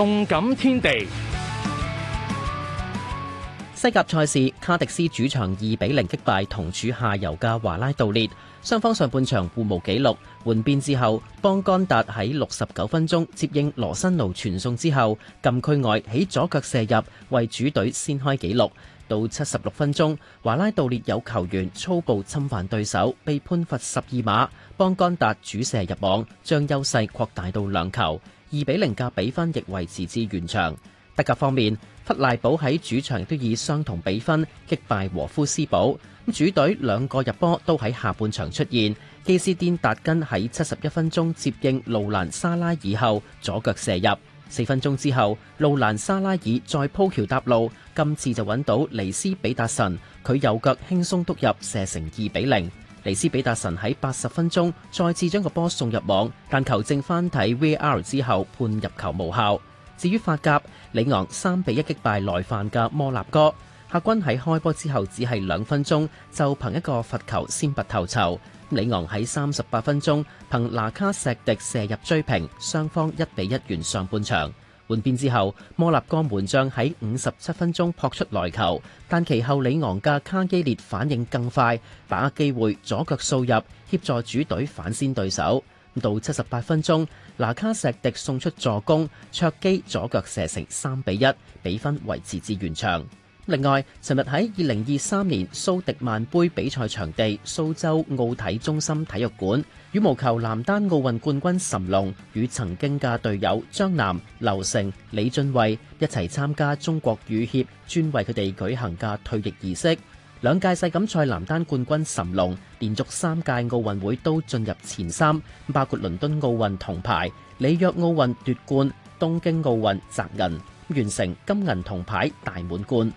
動感天地，西甲賽事卡迪斯主場二比零擊敗同處下游嘅華拉度列，雙方上半場互無紀錄，換邊之後，邦甘達喺六十九分鐘接應羅辛奴傳送之後禁區外起左腳射入，為主隊先開紀錄。到七十六分鐘，華拉度列有球員粗暴侵犯對手，被判罰十二碼，邦甘達主射入網，將優勢擴大到兩球。二比零嘅比分亦維持至完場。德甲方面，弗賴堡喺主場都以相同比分擊敗和夫斯堡。咁主隊兩個入波都喺下半場出現。基斯甸達根喺七十一分鐘接應路蘭沙拉爾後左腳射入，四分鐘之後路蘭沙拉爾再鋪橋搭路，今次就揾到尼斯比達臣，佢右腳輕鬆篤入，射成二比零。尼斯比達神喺八十分鐘再次將個波送入網，但球證翻睇 VR 之後判入球無效。至於法甲，里昂三比一擊敗來犯嘅摩納哥，客軍喺開波之後只係兩分鐘就憑一個罰球先拔頭籌。里昂喺三十八分鐘憑拿卡錫迪射入追平，雙方一比一完上半場。換邊之後，摩納哥門將喺五十七分鐘撲出來球，但其後里昂嘅卡基列反應更快，把握機會左腳掃入，協助主隊反先對手。到七十八分鐘，拿卡石迪送出助攻，卓基左腳射成三比一，比分維持至完場。另外，尋日喺二零二三年蘇迪曼杯比賽場地蘇州奧體中心體育館，羽毛球男單奧運冠軍諶龍與曾經嘅隊友張楠、劉成、李俊慧一齊參加中國羽協專為佢哋舉行嘅退役儀式。兩屆世錦賽男單冠軍諶龍，連續三屆奧運會都進入前三，包括倫敦奧運銅牌、里約奧運奪冠、東京奧運摘銀，完成金銀銅牌大滿貫。